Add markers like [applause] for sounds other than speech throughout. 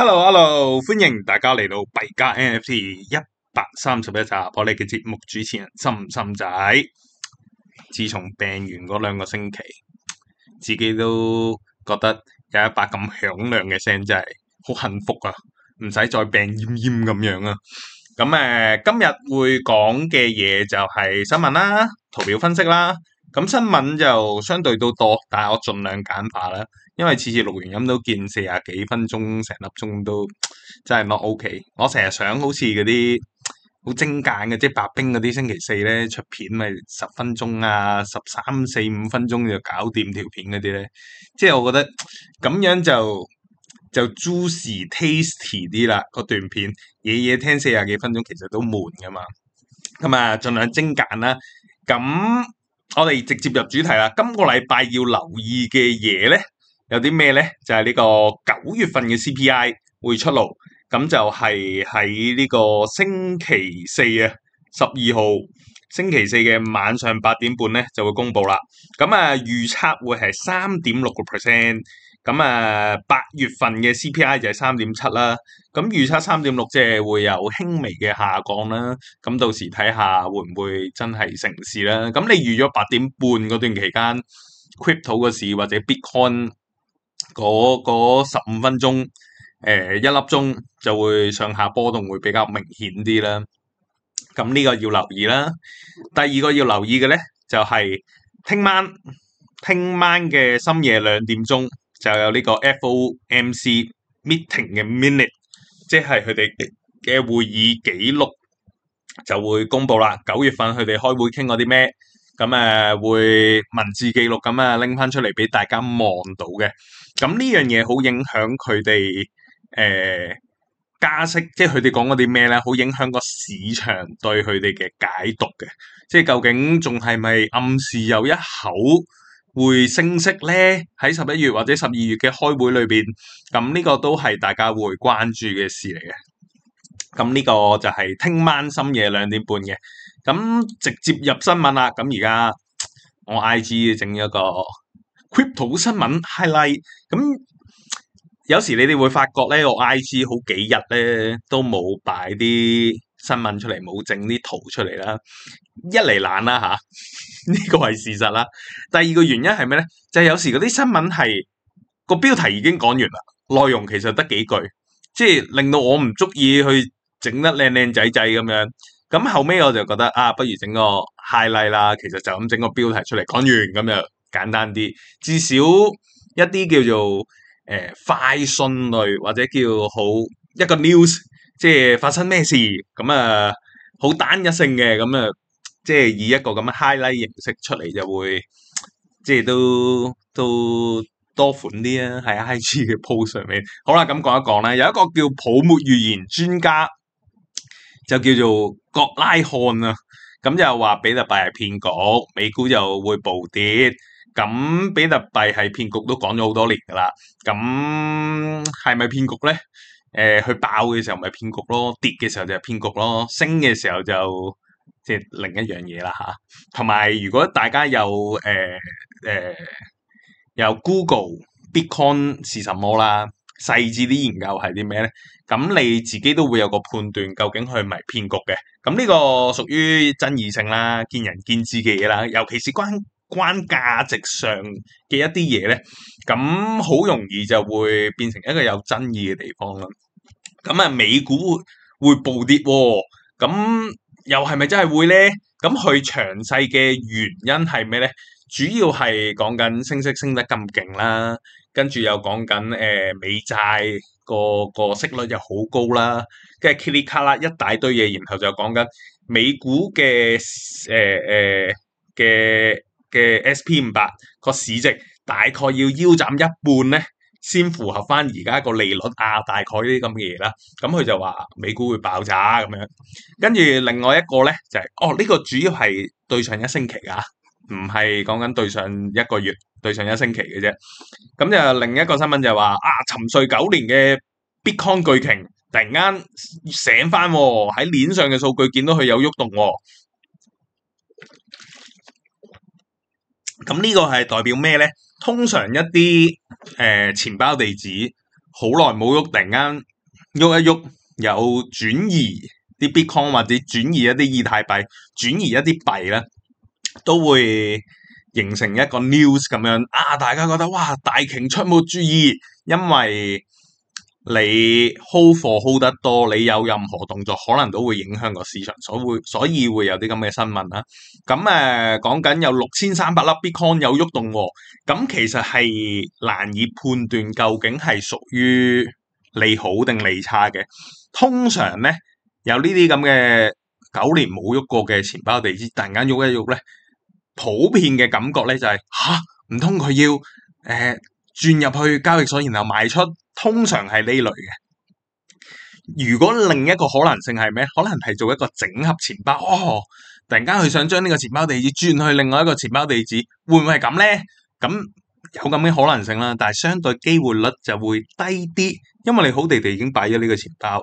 Hello，Hello，hello. 歡迎大家嚟到幣加 NFT 一百三十一集，我哋嘅節目主持人心心仔，自從病完嗰兩個星期，自己都覺得有一把咁響亮嘅聲，真係好幸福啊！唔使再病奄奄咁樣啊！咁、嗯、誒、呃，今日會講嘅嘢就係新聞啦，圖表分析啦，咁新聞就相對都多，但係我盡量簡化啦。因為次次錄完音都見四十幾分鐘，成粒鐘都真係唔 OK。我成日想好似嗰啲好精簡嘅，即係白兵嗰啲星期四咧出片咪十分鐘啊，十三四五分鐘就搞掂條片嗰啲咧。即係我覺得咁樣就就 juicy tasty 啲啦。個段片夜夜聽四十幾分鐘其實都悶㗎嘛。咁啊，盡量精簡啦。咁我哋直接入主題啦。今個禮拜要留意嘅嘢咧。有啲咩咧？就係呢個九月份嘅 CPI 會出爐，咁就係喺呢個星期四啊，十二號星期四嘅晚上八點半咧就會公布啦。咁啊，預測會係三點六個 percent，咁啊八月份嘅 CPI 就係三點七啦。咁預測三點六即係會有輕微嘅下降啦。咁到時睇下會唔會真係成事啦？咁你預咗八點半嗰段期間 crypto 嘅市或者 Bitcoin。嗰十五分鐘，誒、呃、一粒鐘就會上下波動，會比較明顯啲啦。咁呢個要留意啦。第二個要留意嘅咧，就係、是、聽晚聽晚嘅深夜兩點鐘就有呢個 FOMC meeting 嘅 minute，即係佢哋嘅會議記錄就會公佈啦。九月份佢哋開會傾過啲咩？咁誒、嗯、會文字記錄咁啊，拎翻出嚟俾大家望到嘅。咁呢樣嘢好影響佢哋誒加息，即係佢哋講嗰啲咩咧，好影響個市場對佢哋嘅解讀嘅。即係究竟仲係咪暗示有一口會升息咧？喺十一月或者十二月嘅開會裏邊，咁呢個都係大家會關注嘅事嚟嘅。咁呢個就係聽晚深夜兩點半嘅。咁直接入新聞啦，咁而家我 I G 整一個 crypto 新聞 highlight。咁有時你哋會發覺咧，我 I G 好幾日咧都冇擺啲新聞出嚟，冇整啲圖出嚟啦。一嚟懶啦嚇，呢個係事實啦。第二個原因係咩咧？就係有時嗰啲新聞係個標題已經講完啦，內容其實得幾句，即係令到我唔足以去整得靚靚仔仔咁樣。咁後尾我就覺得啊，不如整個 highlight 啦，其實就咁整個標題出嚟講完咁就簡單啲，至少一啲叫做誒、呃、快訊類或者叫好一個 news，即係發生咩事咁啊，好、呃、單一性嘅咁啊，即係以一個咁嘅 highlight 形式出嚟就會，即係都都多款啲啊，喺 IG 嘅 post 上面。好啦，咁講一講啦。有一個叫泡沫預言專家。就叫做國拉漢啊，咁就話比特幣係騙局，美股又會暴跌，咁比特幣係騙局都講咗好多年㗎啦，咁係咪騙局咧？誒、呃，去爆嘅時候咪騙局咯，跌嘅時候就係騙局咯，升嘅時候就即係另一樣嘢啦嚇。同、啊、埋如果大家有誒誒、呃呃、有 Google Bitcoin 是什麼啦？細緻啲研究係啲咩咧？咁你自己都會有個判斷，究竟佢係咪騙局嘅？咁呢個屬於爭議性啦，見仁見智嘅嘢啦，尤其是關關價值上嘅一啲嘢咧，咁好容易就會變成一個有爭議嘅地方啦。咁啊，美股會，會暴跌，哦，咁又係咪真係會咧？咁佢詳細嘅原因係咩咧？主要係講緊升息升得咁勁啦。跟住又講緊誒美債個個息率又好高啦，跟住噼里卡啦一大堆嘢，然後就講緊美股嘅誒誒嘅嘅 SP 五百個市值大概要腰斬一半咧，先符合翻而家個利率啊，大概呢啲咁嘅嘢啦，咁、嗯、佢就話美股會爆炸咁樣，跟住另外一個咧就係、係、哦呢、呢個主要係對上一星期啊。唔係講緊對上一個月、對上一星期嘅啫。咁就另一個新聞就係話啊，沉睡九年嘅 Bitcoin 巨鯨突然間醒翻喎、哦，喺鏈上嘅數據見到佢有喐動喎、哦。咁呢個係代表咩咧？通常一啲誒、呃、錢包地址好耐冇喐，突然間喐一喐，有轉移啲 Bitcoin 或者轉移一啲以太幣、轉移一啲幣咧。都會形成一個 news 咁樣啊！大家覺得哇，大鯨出沒注意，因為你 hold 貨 hold 得多，你有任何動作，可能都會影響個市場，所會所以會有啲咁嘅新聞啦、啊。咁誒講緊有六千三百粒 Bitcoin 有喐動喎，咁、啊、其實係難以判斷究竟係屬於利好定利差嘅。通常咧有呢啲咁嘅九年冇喐過嘅錢包地址，突然間喐一喐咧。普遍嘅感覺咧就係、是、嚇，唔通佢要誒轉、呃、入去交易所，然後賣出，通常係呢類嘅。如果另一個可能性係咩？可能係做一個整合錢包，哦，突然間佢想將呢個錢包地址轉去另外一個錢包地址，會唔會係咁咧？咁、嗯、有咁嘅可能性啦，但係相對機會率就會低啲，因為你好地地已經擺咗呢個錢包，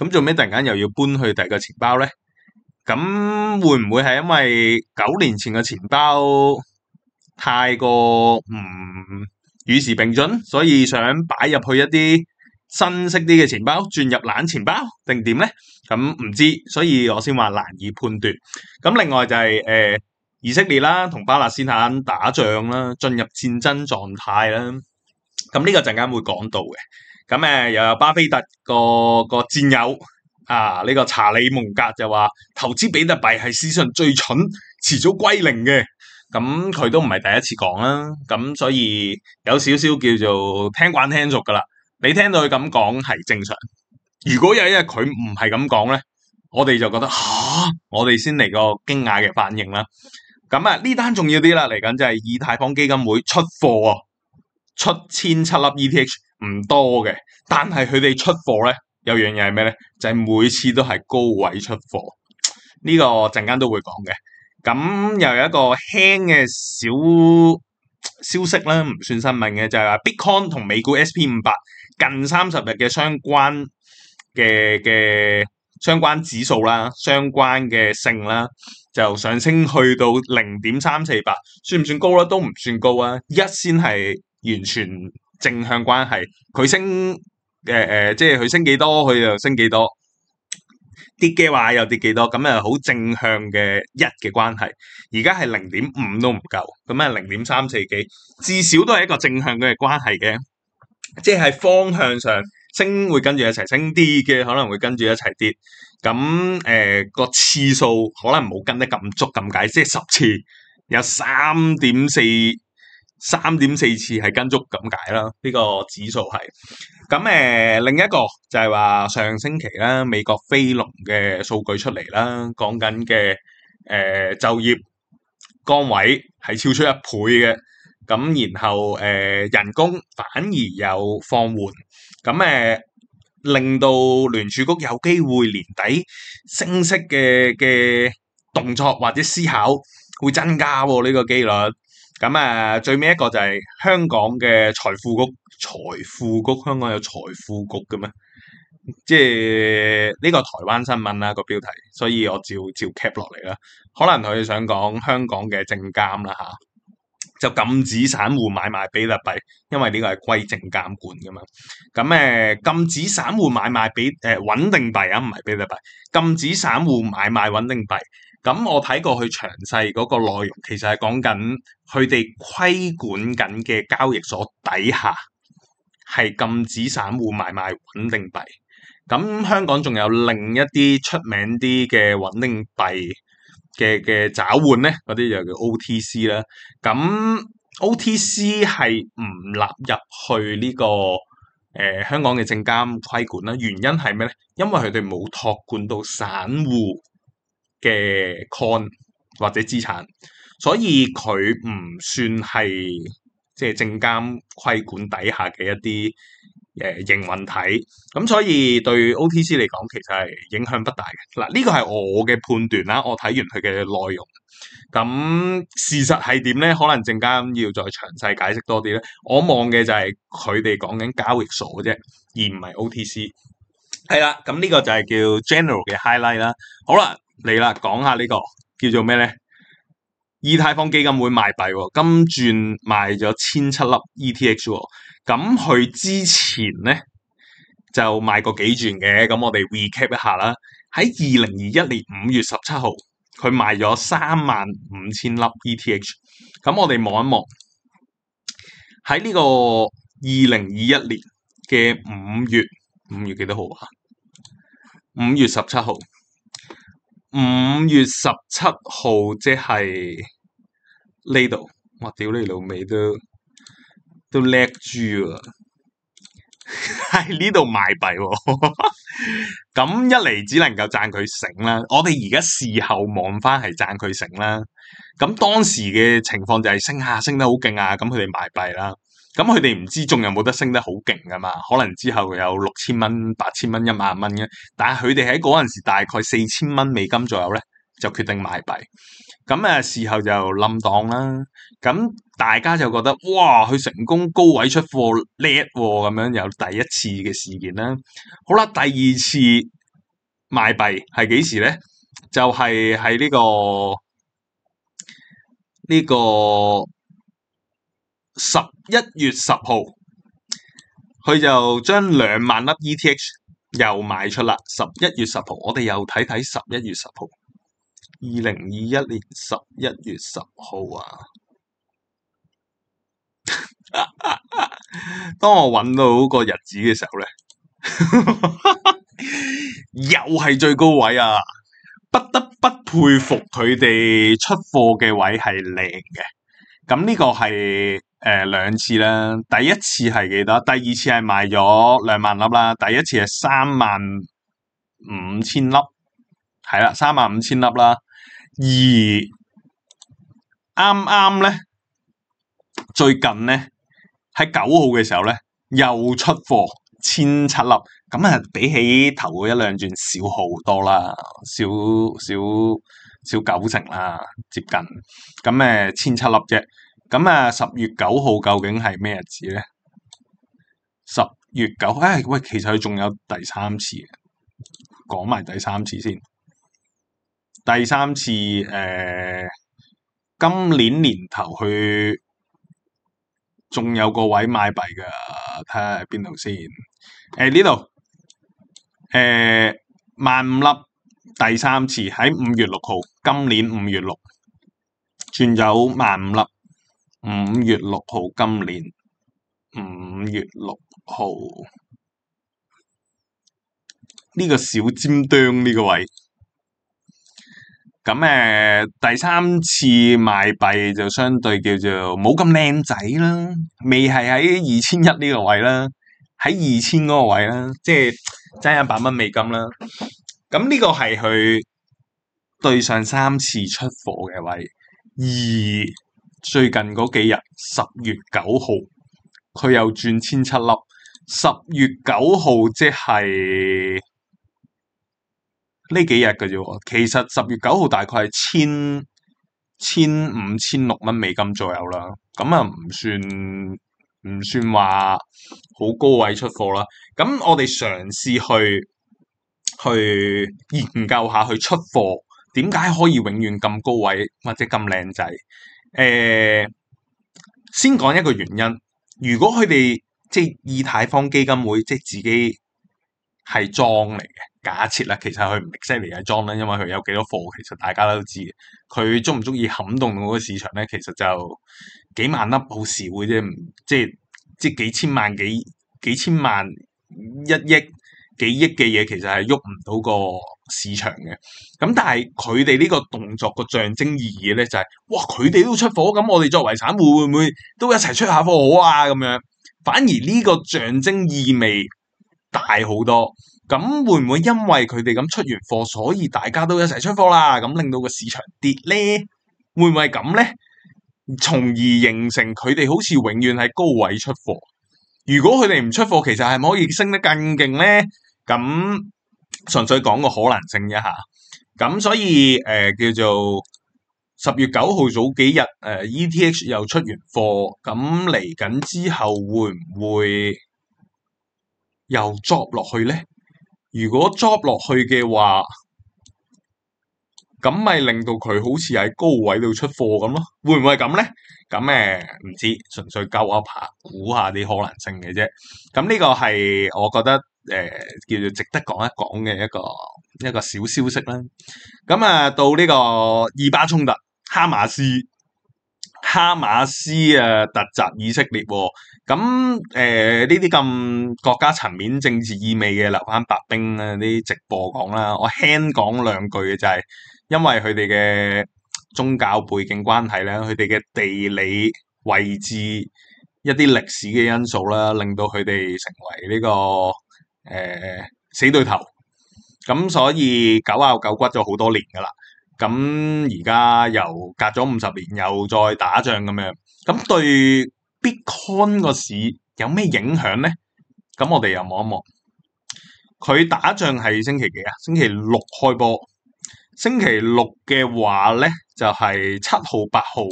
咁做咩突然間又要搬去第二個錢包咧？咁會唔會係因為九年前嘅錢包太過唔與、嗯、時並進，所以想擺入去一啲新式啲嘅錢包，轉入冷錢包定點呢？咁、嗯、唔知，所以我先話難以判斷。咁、嗯、另外就係、是、誒、呃、以色列啦，同巴勒斯坦打仗啦，進入戰爭狀態啦。咁、嗯、呢、這個陣間會講到嘅。咁、嗯、誒、呃、又有巴菲特個個戰友。啊！呢、這個查理蒙格就話投資比特幣係史上最蠢，遲早歸零嘅。咁、嗯、佢都唔係第一次講啦。咁、嗯、所以有少少叫做聽慣聽熟噶啦。你聽到佢咁講係正常。如果有一日佢唔係咁講咧，我哋就覺得吓、啊，我哋先嚟個驚訝嘅反應啦。咁、嗯、啊，呢單重要啲啦。嚟緊就係以太坊基金會出貨，出千七粒 ETH 唔多嘅，但係佢哋出貨咧。有樣嘢係咩咧？就係、是、每次都係高位出貨，呢、這個陣間都會講嘅。咁、嗯、又有一個輕嘅小消息咧，唔算新聞嘅，就係、是、話 Bitcoin 同美股 SP 五百近三十日嘅相關嘅嘅相關指數啦，相關嘅性啦，就上升去到零點三四八，算唔算高啦？都唔算高啊！一先係完全正向關係，佢升。誒誒、呃，即係佢升幾多，佢又升幾多，跌嘅話又跌幾多，咁啊好正向嘅一嘅關係。而家係零點五都唔夠，咁啊零點三四幾，至少都係一個正向嘅關係嘅。即係方向上升會跟住一齊升啲嘅，可能會跟住一齊跌。咁誒個次數可能冇跟得咁足咁解，即係十次有三點四。三點四次係跟足咁解啦，呢、這個指數係。咁誒、呃、另一個就係話上星期啦，美國非農嘅數據出嚟啦，講緊嘅誒就業崗位係超出一倍嘅。咁然後誒、呃、人工反而有放緩。咁誒、呃、令到聯儲局有機會年底升息嘅嘅動作或者思考會增加喎、哦、呢、這個機率。咁啊，最尾一個就係香港嘅財富局，財富局香港有財富局嘅咩？即係呢、呢個台灣新聞啦、嗰個標題，所以我照照 cap 落嚟啦。可能佢想講香港嘅證監啦嚇、啊，就禁止散戶買賣，買賣比特幣，因為呢個係歸證監管嘅嘛。咁、嗯、誒禁止散戶買賣比誒穩、呃、定幣啊，唔係比特幣，禁止散戶買賣穩定幣。咁我睇過佢詳細嗰個內容，其實係講緊佢哋規管緊嘅交易所底下係禁止散戶買賣穩定幣。咁香港仲有另一啲出名啲嘅穩定幣嘅嘅找換咧，嗰啲就叫 OTC 啦。咁 OTC 係唔納入去呢、這個誒、呃、香港嘅證監規管啦。原因係咩咧？因為佢哋冇託管到散戶。嘅 coin 或者資產，所以佢唔算係即係證監規管底下嘅一啲誒、呃、營運體，咁所以對 OTC 嚟講其實係影響不大嘅。嗱，呢個係我嘅判斷啦，我睇完佢嘅內容，咁事實係點咧？可能證監要再詳細解釋多啲咧。我望嘅就係佢哋講緊交易所嘅啫，而唔係 OTC。係啦，咁呢個就係叫 general 嘅 highlight 啦。好啦。嚟啦，講下呢、這個叫做咩咧？以太坊基金會賣幣，哦，今轉賣咗千七粒 ETH，哦。咁佢之前咧就賣過幾轉嘅，咁我哋 recap 一下啦。喺二零二一年五月十七號，佢賣咗三萬五千粒 ETH。咁我哋望一望喺呢個二零二一年嘅五月，五月幾多號啊？五月十七號。五月十七號，即係呢度，我屌你老味都都叻豬啊！喺呢度賣幣，咁一嚟只能夠讚佢醒啦。我哋而家事後望翻係讚佢醒啦。咁當時嘅情況就係升下升得好勁啊，咁佢哋賣幣啦。咁佢哋唔知仲有冇得升得好勁㗎嘛？可能之後有六千蚊、八千蚊、一萬蚊嘅。但係佢哋喺嗰陣時大概四千蚊美金左右咧，就決定賣幣。咁啊，事後就冧檔啦。咁大家就覺得哇，佢成功高位出貨叻喎，咁樣有第一次嘅事件啦。好啦，第二次賣幣係幾時咧？就係喺呢個呢個。這個十一月十號，佢就將兩萬粒 ETH 又賣出啦。十一月十號，我哋又睇睇十一月十號，二零二一年十一月十號啊！ [laughs] 當我揾到嗰個日子嘅時候咧， [laughs] 又係最高位啊！不得不佩服佢哋出貨嘅位係靚嘅，咁呢個係。誒、呃，兩次啦，第一次係幾多？第二次係賣咗兩萬粒啦，第一次係三萬五千粒，係啦，三萬五千粒啦。而啱啱咧，最近咧喺九號嘅時候咧，又出貨千七粒，咁啊，比起頭嗰一兩轉少好多啦，少少少九成啦，接近咁誒，千七粒啫。1, 咁啊！十月九號究竟係咩日子咧？十月九號，唉、哎，喂，其實佢仲有第三次，講埋第三次先。第三次誒、呃，今年年頭去，仲有個位買幣噶，睇下喺邊度先。誒呢度，誒、呃、萬五粒第三次喺五月六號，今年五月六，賺咗萬五粒。五月六號，今年五月六號呢個小尖端呢個位，咁誒、呃、第三次賣幣就相對叫做冇咁靚仔啦，未係喺二千一呢個位啦，喺二千嗰個位啦，即係爭一百蚊美金啦。咁呢個係佢對上三次出貨嘅位二。最近嗰幾日，十月九號佢又轉千七粒。十月九號即係呢幾日嘅啫。其實十月九號大概係千千五千六蚊美金左右啦。咁啊唔算唔算話好高位出貨啦。咁我哋嘗試去去研究下去出貨，點解可以永遠咁高位或者咁靚仔？誒、呃，先講一個原因。如果佢哋即係以太坊基金會，即係自己係莊嚟嘅，假設啦，其實佢唔係真係莊啦，因為佢有幾多貨，其實大家都知佢中唔中意撼動嗰個市場咧？其實就幾萬粒好少嘅啫，即係即幾千萬、幾幾千萬一億、一億幾億嘅嘢，其實係喐唔到個市場嘅，咁但係佢哋呢個動作個象徵意義咧，就係哇，佢哋都出貨，咁我哋作為散戶會唔會都一齊出一下貨好啊？咁樣，反而呢個象徵意味大好多。咁會唔會因為佢哋咁出完貨，所以大家都一齊出貨啦？咁令到個市場跌呢？會唔會咁呢？從而形成佢哋好似永遠係高位出貨。如果佢哋唔出貨，其實係咪可以升得更勁呢？咁？純粹講個可能性一下，咁所以誒、呃、叫做十月九號早幾日誒、呃、ETH 又出完貨，咁嚟緊之後會唔會又 drop 落去咧？如果 drop 落去嘅話，咁咪令到佢好似喺高位度出貨咁咯？會唔會咁咧？咁誒唔知，純粹交一盤估下啲可能性嘅啫。咁呢個係我覺得。誒、呃、叫做值得講一講嘅一個一個小消息啦。咁啊，到呢個以巴衝突，哈馬斯，哈馬斯啊突襲以色列，哦。咁誒呢啲咁國家層面政治意味嘅，留翻白兵啊啲直播講啦。我輕講兩句嘅就係，因為佢哋嘅宗教背景關係咧，佢哋嘅地理位置一啲歷史嘅因素啦，令到佢哋成為呢、呢個。誒、呃、死對頭，咁所以九拗九骨咗好多年噶啦，咁而家又隔咗五十年，又再打仗咁樣，咁對 Bitcoin 個市有咩影響咧？咁我哋又望一望，佢打仗係星期幾啊？星期六開波，星期六嘅話咧就係、是、七號八號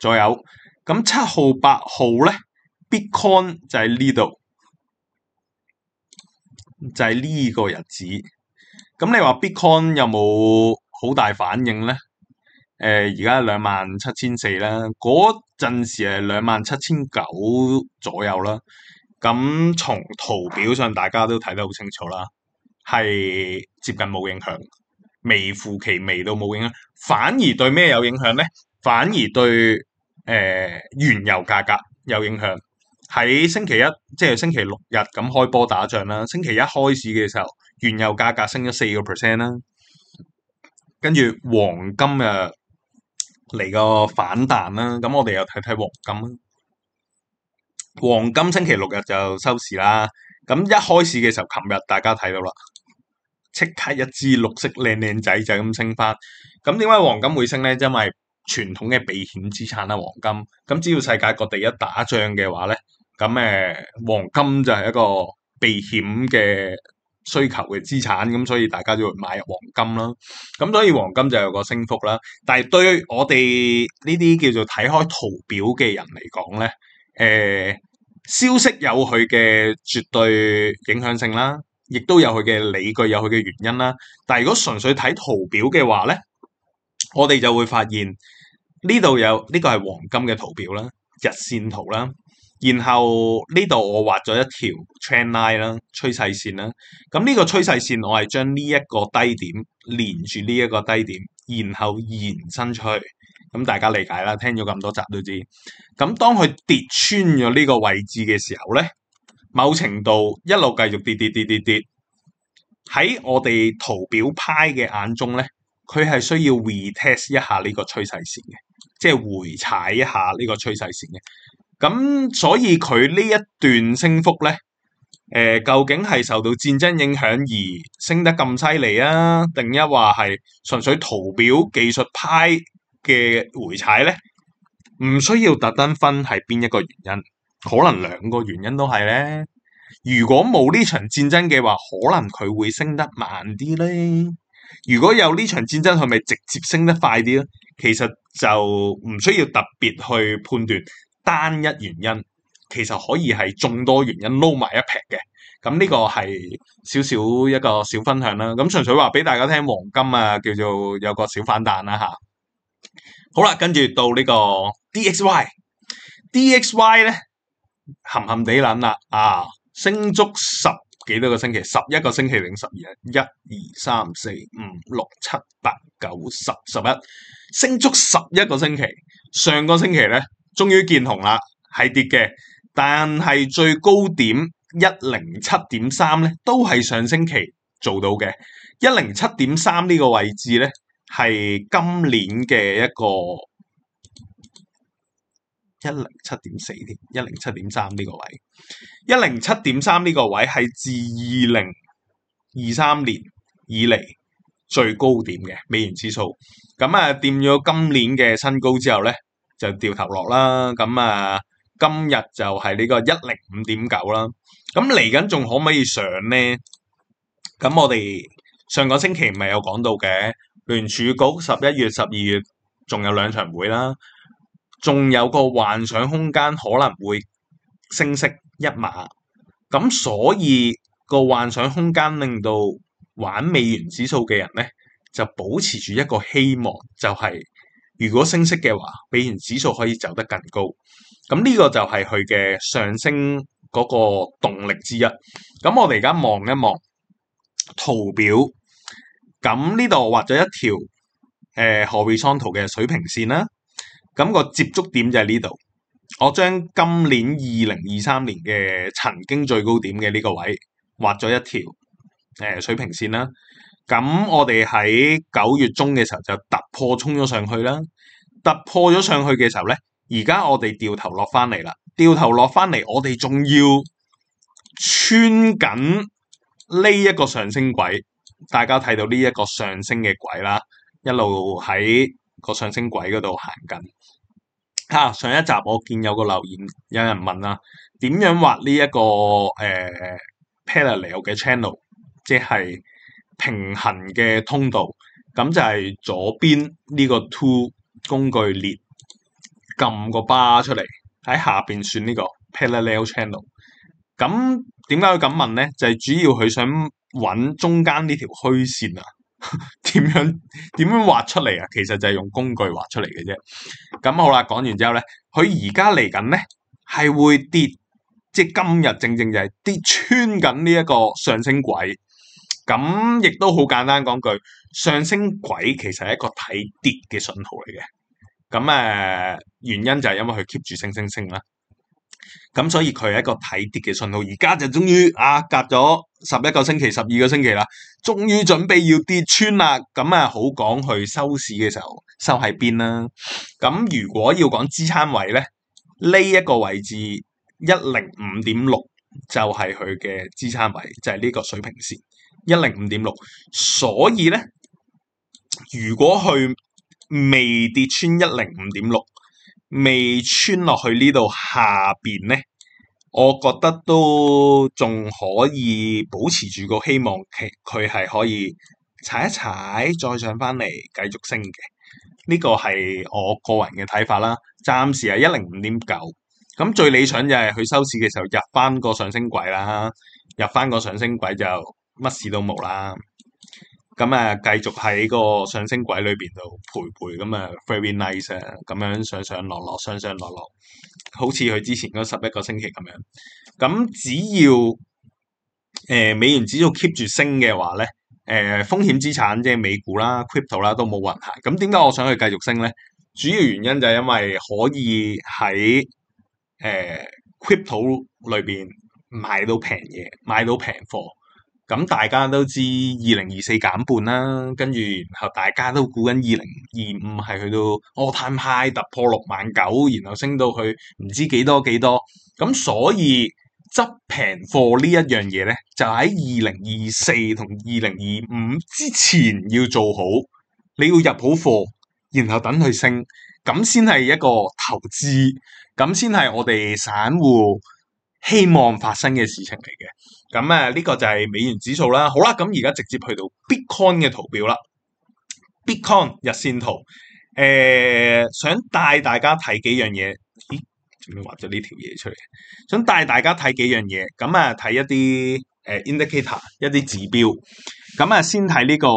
左右。咁七號八號咧 Bitcoin 就喺呢度。就係呢個日子，咁你話 Bitcoin 有冇好大反應咧？誒、呃，而家兩萬七千四啦，嗰陣時係兩萬七千九左右啦。咁從圖表上大家都睇得好清楚啦，係接近冇影響，微乎其微到冇影響，反而對咩有影響咧？反而對誒、呃、原油價格有影響。喺星期一即係、就是、星期六日咁開波打仗啦。星期一開始嘅時候，原油價格升咗四個 percent 啦。跟住黃金呀嚟個反彈啦。咁、嗯、我哋又睇睇黃金啦。黃金星期六日就收市啦。咁一開始嘅時候，琴日大家睇到啦，即刻一支綠色靚靚仔就咁升翻。咁點解黃金會升咧？因為傳統嘅避險資產啦，黃金。咁只要世界各地一打仗嘅話咧。咁誒、呃，黃金就係一個避險嘅需求嘅資產，咁所以大家就會買入黃金啦。咁所以黃金就有個升幅啦。但係對於我哋呢啲叫做睇開圖表嘅人嚟講咧，誒、呃、消息有佢嘅絕對影響性啦，亦都有佢嘅理據，有佢嘅原因啦。但係如果純粹睇圖表嘅話咧，我哋就會發現呢度有呢、這個係黃金嘅圖表啦，日線圖啦。然後呢度我畫咗一條 trend line 啦，趨勢線啦。咁呢個趨勢線我係將呢一個低點連住呢一個低點，然後延伸出去。咁大家理解啦，聽咗咁多集都知。咁當佢跌穿咗呢個位置嘅時候咧，某程度一路繼續跌跌跌跌跌，喺我哋圖表派嘅眼中咧，佢係需要 retest 一下呢個趨勢線嘅，即係回踩一下呢個趨勢線嘅。咁所以佢呢一段升幅咧，誒，究竟係受到戰爭影響而升得咁犀利啊？定一話係純粹圖表技術派嘅回踩咧？唔需要特登分係邊一個原因，可能兩個原因都係咧。如果冇呢場戰爭嘅話，可能佢會升得慢啲咧。如果有呢場戰爭，係咪直接升得快啲咧？其實就唔需要特別去判斷。單一原因其實可以係眾多原因撈埋一撇嘅，咁呢個係少少一個小分享啦。咁純粹話俾大家聽，黃金啊叫做有個小反彈啦吓，好啦，跟住到呢個 DXY，DXY 咧含含地諗啦啊，升足十幾多個星期，十一個星期定十二日，一、二、三、四、五、六、七、八、九、十、十一，升足十一個星期。上個星期咧。終於見紅啦，係跌嘅，但係最高點一零七點三咧，都係上星期做到嘅。一零七點三呢個位置咧，係今年嘅一個一零七點四添，一零七點三呢個位，一零七點三呢個位係自二零二三年以嚟最高點嘅美元指數。咁、嗯、啊，掂咗今年嘅新高之後咧。就掉頭落啦，咁啊，今日就係呢個一零五點九啦。咁嚟緊仲可唔可以上呢？咁我哋上個星期唔係有講到嘅，聯儲局十一月、十二月仲有兩場會啦，仲有個幻想空間可能會升息一碼。咁所以個幻想空間令到玩美元指數嘅人呢，就保持住一個希望，就係、是。如果升息嘅話，美元指數可以走得更高。咁呢個就係佢嘅上升嗰個動力之一。咁我哋而家望一望圖表。咁呢度畫咗一條誒 horizontal 嘅水平線啦。咁、嗰個接觸點就係呢度。我將今年二零二三年嘅曾經最高點嘅呢個位畫咗一條誒、呃、水平線啦。咁我哋喺九月中嘅時候就突破衝咗上去啦，突破咗上去嘅時候咧，而家我哋掉頭落翻嚟啦，掉頭落翻嚟，我哋仲要穿緊呢一個上升軌，大家睇到呢一個上升嘅軌啦，一路喺個上升軌嗰度行緊。吓、啊，上一集我見有個留言，有人問啦、啊，點樣畫呢、這、一個誒、呃、parallel 嘅 channel，即係。平行嘅通道，咁就係左邊呢個 Two 工具列，撳個巴出嚟喺下邊選呢個 Parallel Channel。咁點解佢咁問咧？就係、是、主要佢想揾中間呢條虛線啊，點 [laughs] 樣點樣畫出嚟啊？其實就係用工具畫出嚟嘅啫。咁好啦，講完之後咧，佢而家嚟緊咧係會跌，即係今日正正就係跌穿緊呢一個上升軌。咁亦都好簡單講句，上升軌其實係一個睇跌嘅信號嚟嘅。咁誒、啊，原因就係因為佢 keep 住升升升啦。咁所以佢係一個睇跌嘅信號。而家就終於啊，隔咗十一個星期，十二個星期啦，終於準備要跌穿啦。咁啊，好講去收市嘅時候收喺邊啦。咁如果要講支撐位咧，呢、這、一個位置一零五點六就係佢嘅支撐位，就係、是、呢個水平線。一零五點六，6，所以咧，如果佢未跌穿一零五點六，未穿落去呢度下邊咧，我覺得都仲可以保持住個希望，其佢係可以踩一踩再上翻嚟，繼續升嘅。呢個係我個人嘅睇法啦。暫時係一零五點九，咁最理想就係佢收市嘅時候入翻個上升軌啦，入翻個上升軌就。乜事都冇啦，咁啊繼續喺個上升軌裏邊度徘徊，咁啊 very nice 啊，咁樣上上落落，上上落落，好似佢之前嗰十一個星期咁樣。咁只要誒、呃、美元指數 keep 住升嘅話咧，誒、呃、風險資產即係美股啦、crypto 啦都冇問題。咁點解我想佢繼續升咧？主要原因就係因為可以喺誒、呃、crypto 裏邊買到平嘢，買到平貨。咁大家都知二零二四減半啦，跟住然後大家都估緊二零二五係去到 all time high 突破六萬九，然後升到去唔知幾多幾多。咁所以執平貨呢一樣嘢咧，就喺二零二四同二零二五之前要做好，你要入好貨，然後等佢升，咁先係一個投資，咁先係我哋散戶希望發生嘅事情嚟嘅，咁啊呢個就係美元指數啦。好啦，咁而家直接去到 Bitcoin 嘅圖表啦，Bitcoin 日線圖。誒、呃，想帶大家睇幾樣嘢。咦，做咩畫咗呢條嘢出嚟？想帶大家睇幾樣嘢。咁啊睇一啲誒 indicator，一啲指標。咁啊先睇呢個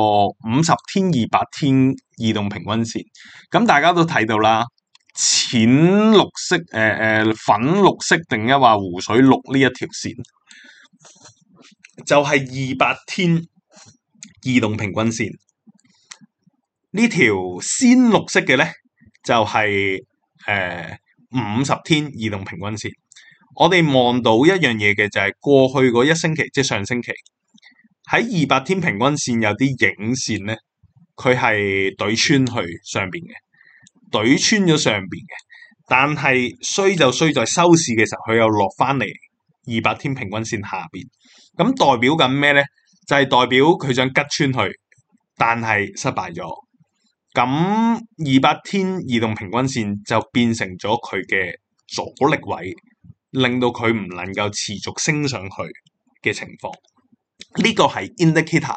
五十天、二百天移動平均線。咁大家都睇到啦。淺綠色、誒、呃、誒粉綠色定一話湖水綠呢一條線，就係二百天移動平均線。呢條鮮綠色嘅咧，就係誒五十天移動平均線。我哋望到一樣嘢嘅就係、是、過去嗰一星期，即、就、係、是、上星期，喺二百天平均線有啲影線咧，佢係對穿去上邊嘅。懟穿咗上邊嘅，但係衰就衰在收市嘅時候，佢又落翻嚟，二百天平均線下邊，咁代表緊咩呢？就係代表佢想吉穿去，但係失敗咗。咁二百天移動平均線就變成咗佢嘅阻力位，令到佢唔能夠持續升上去嘅情況。呢個係 indicator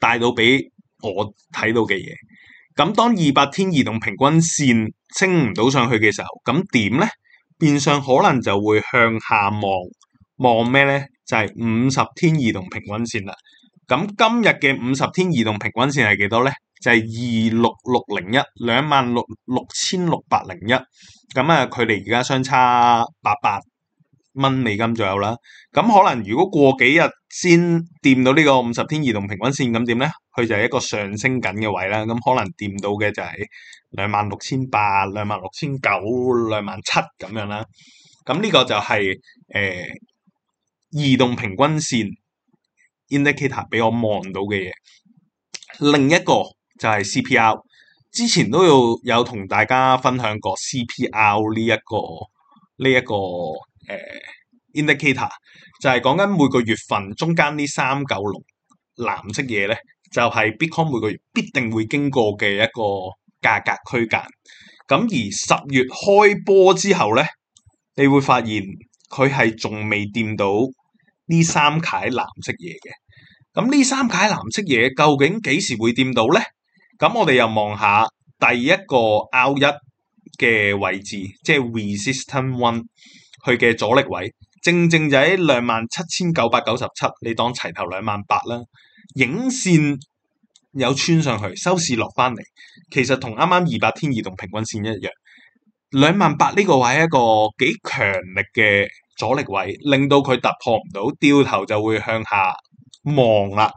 帶到俾我睇到嘅嘢。咁當二百天移動平均線升唔到上去嘅時候，咁點咧？變相可能就會向下望望咩咧？就係五十天移動平均線啦。咁今日嘅五十天移動平均線係幾多咧？就係二六六零一，兩萬六六千六百零一。咁啊，距離而家相差八百。蚊美金左右啦，咁可能如果過幾日先掂到呢個五十天移動平均線，咁點咧？佢就係一個上升緊嘅位啦，咁可能掂到嘅就係兩萬六千八、兩萬六千九、兩萬七咁樣啦。咁呢個就係、是、誒、呃、移動平均線 indicator 俾我望到嘅嘢。另一個就係 CPR，之前都有有同大家分享過 CPR 呢、這、一個呢一個。這個誒、uh，indicator 就係講緊每個月份中間呢三嚿藍色嘢咧，就係、是、Bitcoin 每個月必定會經過嘅一個價格區間。咁而十月開波之後咧，你會發現佢係仲未掂到呢三嚿藍色嘢嘅。咁呢三嚿藍色嘢究竟幾時會掂到咧？咁我哋又望下第一個 R 一嘅位置，即係 Resistance One。佢嘅阻力位，正正就喺兩萬七千九百九十七，你當齊頭兩萬八啦。影線有穿上去，收市落翻嚟，其實同啱啱二百天移動平均線一樣。兩萬八呢個位係一個幾強力嘅阻力位，令到佢突破唔到，掉頭就會向下望啦。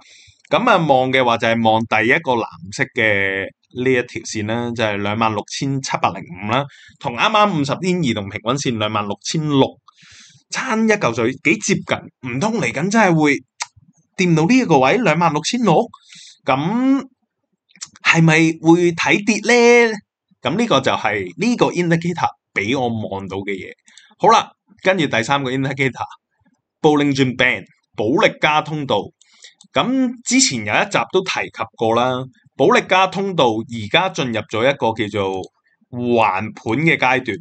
咁啊望嘅話就係望第一個藍色嘅。呢一條線咧、啊、就係兩萬六千七百零五啦，同啱啱五十天移動平均線兩萬六千六，差一嚿水幾接近，唔通嚟緊真係會掂到呢一個位兩萬六千六？咁係咪會睇跌咧？咁、嗯、呢、這個就係呢個 indicator 俾我望到嘅嘢。好啦，跟住第三個 indicator，Bollinger Band 保力加通道。咁、嗯、之前有一集都提及過啦。保力加通道而家進入咗一個叫做橫盤嘅階段，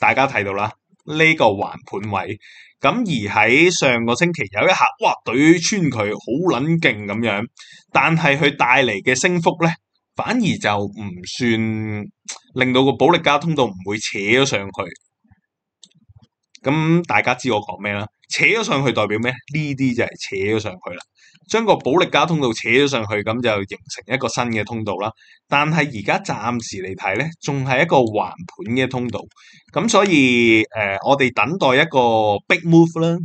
大家睇到啦，呢個橫盤位咁而喺上個星期有一下，哇，懟穿佢好捻勁咁樣，但係佢帶嚟嘅升幅咧，反而就唔算令到個保力加通道唔會扯咗上去。咁大家知我講咩啦？扯咗上去代表咩？呢啲就係扯咗上去啦。將個保力加通道扯咗上去，咁就形成一個新嘅通道啦。但係而家暫時嚟睇咧，仲係一個橫盤嘅通道。咁所以誒、呃，我哋等待一個 big move 啦。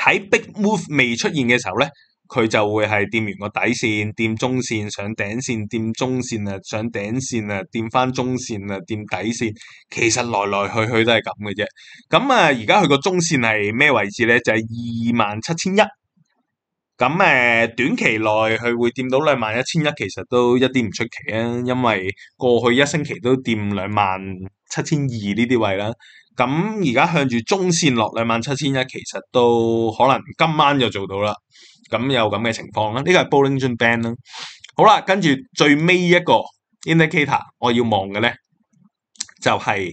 喺 big move 未出現嘅時候咧，佢就會係掂完個底線、掂中線、上頂線、掂中線啊、上頂線啊、掂返中線啊、掂底線。其實來來去去都係咁嘅啫。咁啊，而家佢個中線係咩位置咧？就係二萬七千一。咁誒，短期內佢會掂到兩萬一千一，其實都一啲唔出奇啊，因為過去一星期都掂兩萬七千二呢啲位啦。咁而家向住中線落兩萬七千一，其實都可能今晚就做到啦。咁有咁嘅情況啦，呢個係 Bollinger Band 啦。好啦，跟住最尾一個 indicator 我要望嘅咧，就係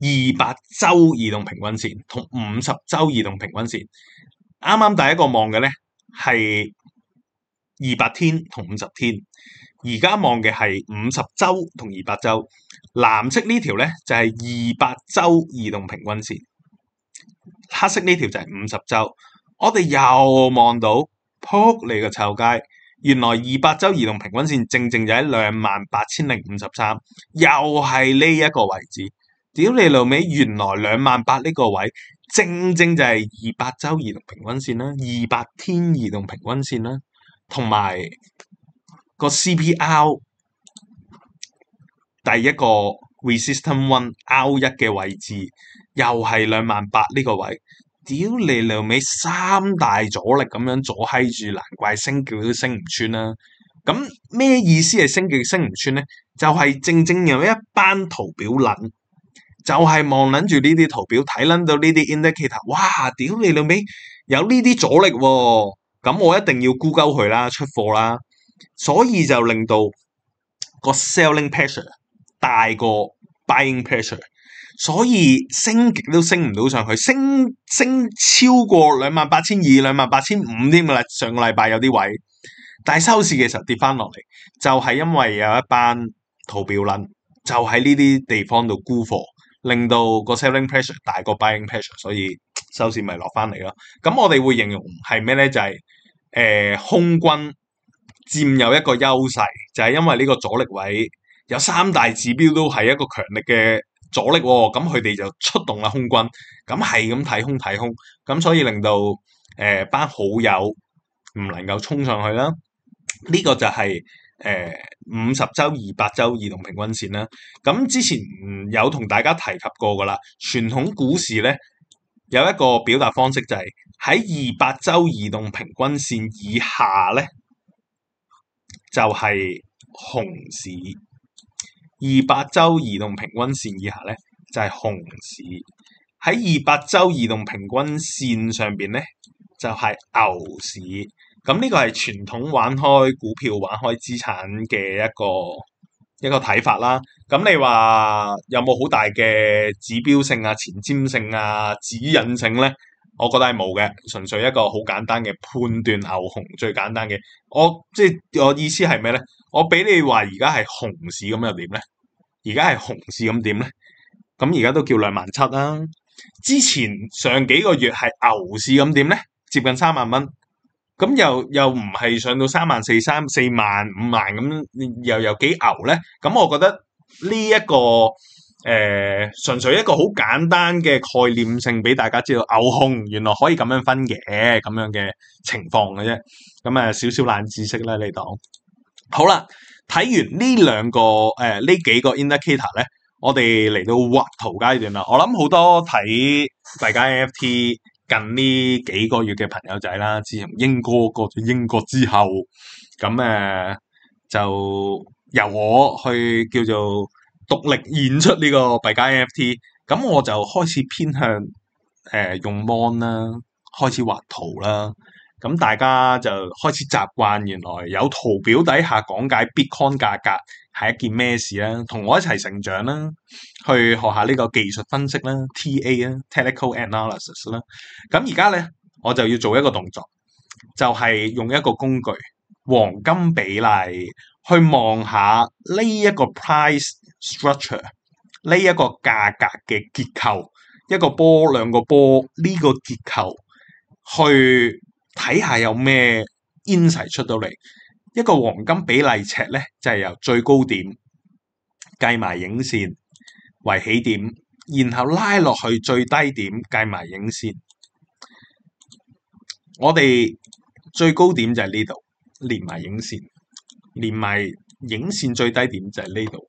二百周移動平均線同五十周移動平均線。啱啱第一個望嘅咧係二百天同五十天，而家望嘅係五十週同二百週。藍色呢條咧就係二百週移動平均線，黑色呢條就係五十週。我哋又望到，仆你個臭街！原來二百週移動平均線正正就喺兩萬八千零五十三，又係呢一個位置。屌你老味，原來兩萬八呢個位。正正就係二百周移動平均線啦，二百天移動平均線啦，同埋個 CPR 第一個 1, resistant One r 一嘅位置，又係兩萬八呢個位，屌你兩尾三大阻力咁樣阻閪住，難怪升極都升唔穿啦。咁咩意思係升極升唔穿咧？就係、是、正正有一班圖表撚。就係望撚住呢啲圖表睇，撚到呢啲 indicator，哇！屌你老味，有呢啲阻力喎，咁我一定要沽鳩佢啦，出貨啦，所以就令到個 selling pressure 大過 buying pressure，所以升極都升唔到上去，升升超過兩萬八千二、兩萬八千五添噶啦，上個禮拜有啲位，但收市嘅時候跌翻落嚟，就係、是、因為有一班圖表撚就喺呢啲地方度沽貨。令到個 selling pressure, pressure 大過 buying pressure，所以收市咪落翻嚟咯。咁我哋會形容係咩咧？就係、是、誒、呃、空軍佔有一個優勢，就係、是、因為呢個阻力位有三大指標都係一個強力嘅阻力喎、哦。咁佢哋就出動啦空軍，咁係咁睇空睇空，咁所以令到誒、呃、班好友唔能夠衝上去啦。呢、這個就係、是。誒五十週、二百週移動平均線啦、啊，咁之前、嗯、有同大家提及過㗎喇。傳統股市呢，有一個表達方式就係喺二百週移動平均線以下呢，就係、是、熊市，二百週移動平均線以下呢，就係、是、熊市。喺二百週移動平均線上邊呢，就係、是、牛市。咁呢個係傳統玩開股票、玩開資產嘅一個一個睇法啦。咁、嗯、你話有冇好大嘅指標性啊、前瞻性啊、指引性咧？我覺得係冇嘅，純粹一個好簡單嘅判斷牛熊最簡單嘅。我即係我意思係咩咧？我俾你話而家係熊市咁又點咧？而家係熊市咁點咧？咁而家都叫兩萬七啦。之前上幾個月係牛市咁點咧？接近三萬蚊。咁又又唔係上到三萬四三四萬五萬咁，又有幾牛咧？咁我覺得呢、這、一個誒，純、呃、粹一個好簡單嘅概念性，俾大家知道牛熊原來可以咁樣分嘅咁樣嘅情況嘅啫。咁啊，少少冷知識啦，你當好啦。睇完呢兩個誒呢、呃、幾個 indicator 咧，我哋嚟到畫圖階段啦。我諗好多睇大家 NFT。近呢幾個月嘅朋友仔啦，自從鷹哥過咗英國之後，咁誒、呃、就由我去叫做獨立演出呢個幣加 NFT，咁我就開始偏向誒、呃、用 Mon 啦，開始畫圖啦。咁大家就開始習慣，原來有圖表底下講解 Bitcoin 價格係一件咩事咧？同我一齊成長啦，去學下呢個技術分析啦 （TA） 啦，Technical Analysis 啦。咁而家咧，我就要做一個動作，就係用一個工具黃金比例去望下呢一個 Price Structure，呢一個價格嘅結構，一個波兩個波呢個結構去。睇下有咩 insights 出到嚟。一個黃金比例尺咧，就係由最高點計埋影線為起點，然後拉落去最低點計埋影線。我哋最高點就係呢度，連埋影線，連埋影線最低點就係呢度。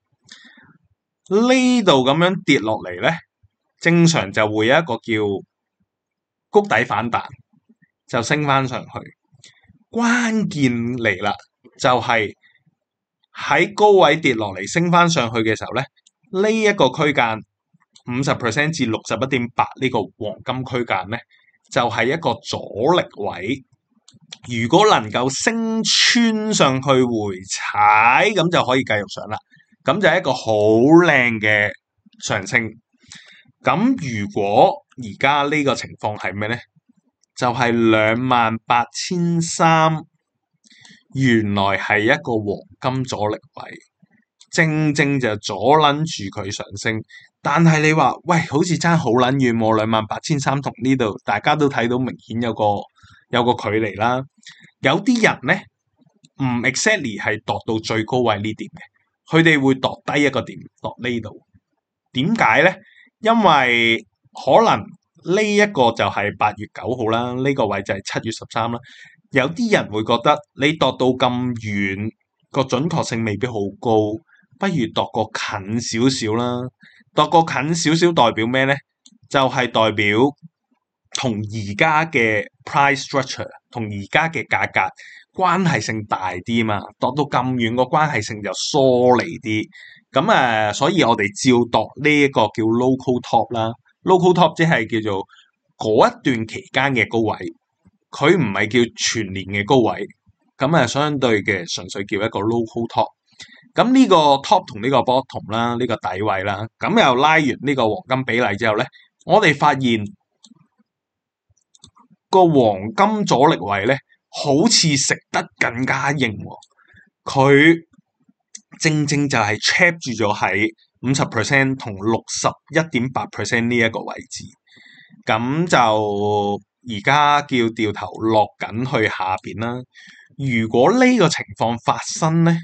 呢度咁樣跌落嚟咧，正常就會有一個叫谷底反彈。就升翻上去，關鍵嚟啦，就係喺高位跌落嚟，升翻上去嘅時候咧，呢一個區間五十 percent 至六十一點八呢個黃金區間咧，就係一個阻力位。如果能夠升穿上去回踩，咁就可以繼續上啦。咁就係一個好靚嘅上升。咁如果而家呢個情況係咩咧？就係兩萬八千三，原來係一個黃金阻力位，正正就阻捻住佢上升。但係你話喂，好似差好捻遠，喎，兩萬八千三同呢度，大家都睇到明顯有個有個距離啦。有啲人咧唔 exactly 係度到最高位呢點嘅，佢哋會度低一個點度呢度。點解咧？因為可能。呢一個就係八月九號啦，呢、這個位就係七月十三啦。有啲人會覺得你度到咁遠，個準確性未必好高，不如度個近少少啦。度個近少少代表咩咧？就係、是、代表同而家嘅 price structure，同而家嘅價格關係性大啲嘛。度到咁遠個關係性就疏離啲。咁、嗯、誒，所以我哋照度呢一個叫 local top 啦。Local top 即係叫做嗰一段期間嘅高位，佢唔係叫全年嘅高位，咁啊相對嘅純粹叫一個 local top。咁呢個 top 同呢個 bottom 啦，呢、這個底位啦，咁又拉完呢個黃金比例之後咧，我哋發現、那個黃金阻力位咧，好似食得更加硬喎、哦。佢正正就係 trap 住咗喺。五十 percent 同六十一點八 percent 呢一個位置，咁就而家叫掉頭落緊去下邊啦。如果呢個情況發生咧，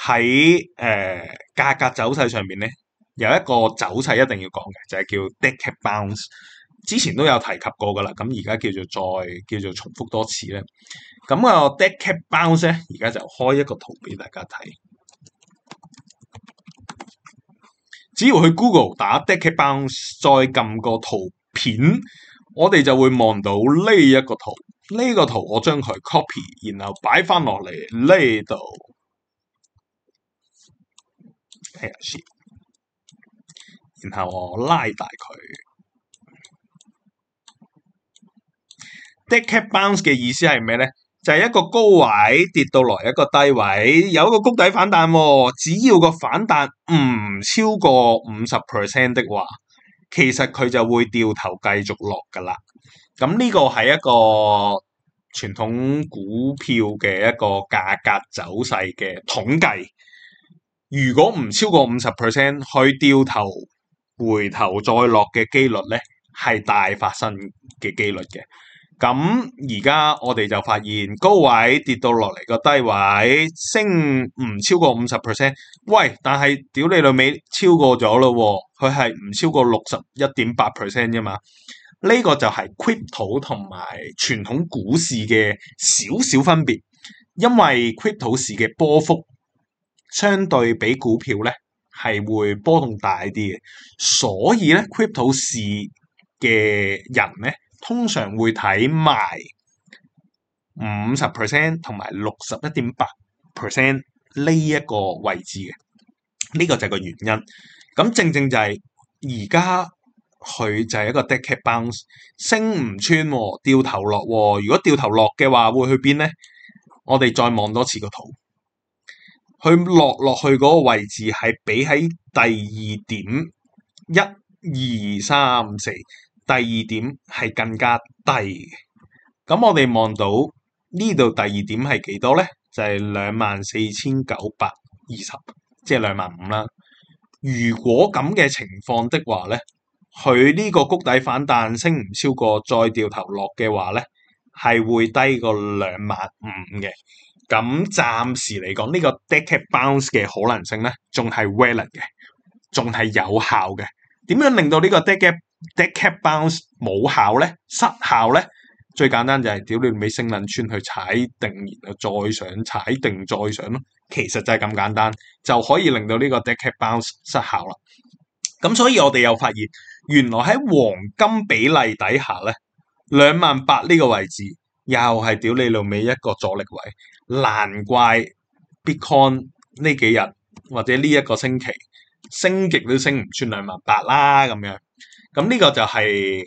喺誒價格走勢上面咧，有一個走勢一定要講嘅，就係叫 Dead Cat Bounce。之前都有提及過噶啦，咁而家叫做再叫做重複多次咧。咁個 Dead Cat Bounce 咧，而家就開一個圖俾大家睇。只要去 Google 打 decade bounce，再撳個圖片，我哋就會望到呢一個圖。呢個圖我將佢 copy，然後擺翻落嚟呢度。睇下先。然後我拉大佢。decade bounce 嘅意思係咩咧？就係一個高位跌到來一個低位，有一個谷底反彈喎，只要個反彈唔超過五十 percent 的話，其實佢就會掉頭繼續落噶啦。咁呢個係一個傳統股票嘅一個價格走勢嘅統計。如果唔超過五十 percent，去掉頭回頭再落嘅幾率呢，係大發生嘅幾率嘅。咁而家我哋就發現高位跌到落嚟個低位升唔超過五十 percent，喂！但係屌你老味超過咗咯，佢係唔超過六十一點八 percent 啫嘛。呢個就係 Crypto 同埋傳統股市嘅少少分別，因為 Crypto 市嘅波幅相對比股票咧係會波動大啲嘅，所以咧 Crypto 市嘅人咧。通常會睇埋五十 percent 同埋六十一點八 percent 呢一個位置嘅，呢、這個就係個原因。咁正正就係而家佢就係一個 dead cat bounce，升唔穿、喎，掉頭落、喎。如果掉頭落嘅話，會去邊咧？我哋再望多次個圖，佢落落去嗰個位置係比喺第二點一二三四。第二點係更加低，咁我哋望到呢度第二點係幾多咧？就係兩萬四千九百二十，即係兩萬五啦。如果咁嘅情況的話咧，佢呢個谷底反彈升唔超過再掉頭落嘅話咧，係會低過兩萬五嘅。咁暫時嚟講呢個 dead cat bounce 嘅可能性咧，仲係 valid 嘅，仲係有效嘅。點樣令到呢個 dead cat？Dead cat bounce 冇效咧，失效咧，最簡單就係、是、屌 [noise] 你尾升唔穿去踩定，然後再上踩定再上咯，其實就係咁簡單，就可以令到呢個 dead cat bounce 失效啦。咁所以我哋又發現，原來喺黃金比例底下咧，兩萬八呢個位置又係屌你老尾一個阻力位，難怪 Bitcoin 呢幾日或者呢一個星期升極都升唔穿兩萬八啦咁樣。咁呢個就係誒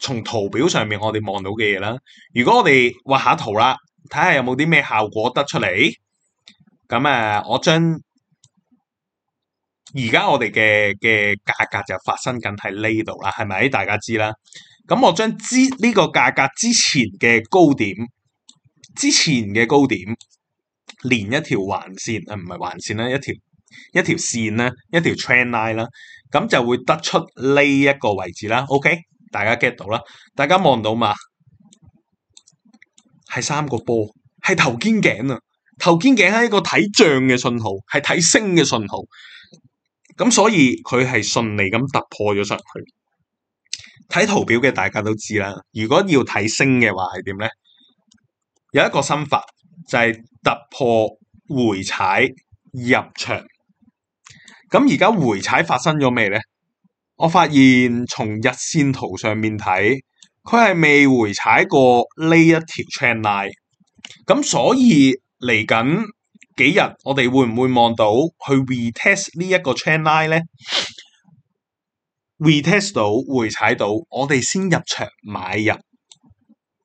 從圖表上面我哋望到嘅嘢啦。如果我哋畫下圖啦，睇下有冇啲咩效果得出嚟。咁、嗯、啊、呃，我將而家我哋嘅嘅價格就發生緊喺呢度啦，係咪？大家知啦。咁、嗯、我將之呢個價格之前嘅高點，之前嘅高點連一條橫線啊，唔係橫線啦，一條一條線啦，一條 trend line 啦。咁就會得出呢一個位置啦，OK？大家 get 到啦？大家望到嘛？係三個波，係頭肩頸啊！頭肩頸係一個睇漲嘅信號，係睇升嘅信號。咁所以佢係順利咁突破咗上去。睇圖表嘅大家都知啦。如果要睇升嘅話係點咧？有一個心法就係突破回踩入場。咁而家回踩發生咗咩呢？我發現從日線圖上面睇，佢係未回踩過呢一條 channel line。咁所以嚟緊幾日，我哋會唔會望到去 retest 呢一個 channel line 呢？retest 到回踩到，我哋先入場買入。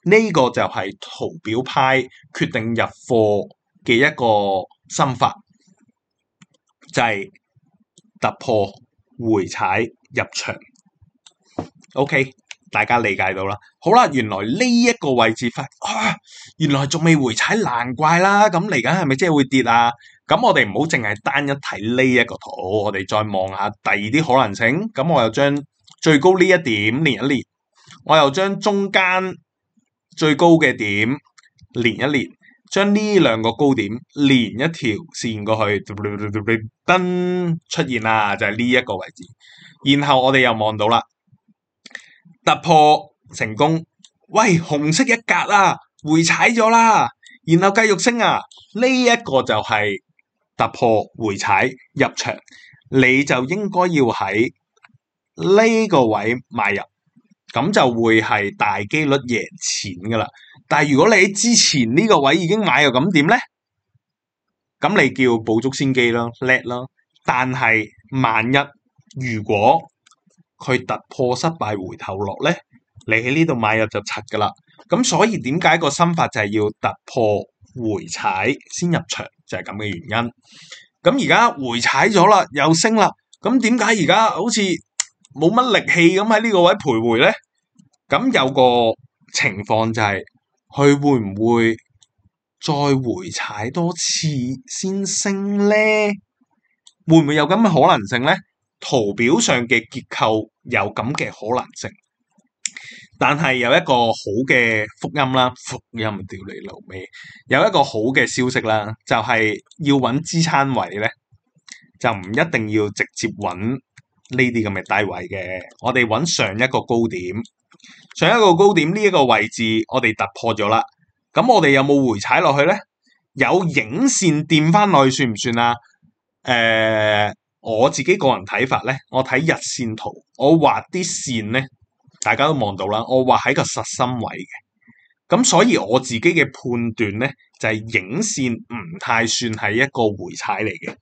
呢個就係圖表派決定入貨嘅一個心法，就係。突破回踩入場，OK，大家理解到啦。好啦，原來呢一個位置發、啊，原來仲未回踩，難怪啦。咁嚟緊係咪即係會跌啊？咁我哋唔好淨係單一睇呢一個圖，我哋再望下第二啲可能性。咁我又將最高呢一點連一連，我又將中間最高嘅點連一連。將呢兩個高點連一條線過去，噔出現啦，就係呢一個位置。然後我哋又望到啦，突破成功。喂，紅色一格啊，回踩咗啦。然後繼續升啊，呢一個就係突破回踩入場，你就應該要喺呢個位買入，咁就會係大幾率贏錢噶啦。但係如果你喺之前呢個位已經買入，咁點咧？咁你叫捕捉先機咯，叻咯。但係萬一如果佢突破失敗回頭落咧，你喺呢度買入就柒噶啦。咁所以點解個心法就係要突破回踩先入場，就係咁嘅原因。咁而家回踩咗啦，又升啦。咁點解而家好似冇乜力氣咁喺呢個位徘徊咧？咁有個情況就係、是。佢會唔會再回踩多次先升呢？會唔會有咁嘅可能性呢？圖表上嘅結構有咁嘅可能性，但係有一個好嘅福音啦，福音屌你老味，有一個好嘅消息啦，就係、是、要揾支撐位咧，就唔一定要直接揾呢啲咁嘅低位嘅，我哋揾上一個高點。上一個高點呢一個位置，我哋突破咗啦。咁我哋有冇回踩落去呢？有影線墊翻落去算唔算啊？誒、呃，我自己個人睇法呢，我睇日線圖，我畫啲線呢，大家都望到啦。我畫喺個實心位嘅，咁所以我自己嘅判斷呢，就係、是、影線唔太算係一個回踩嚟嘅。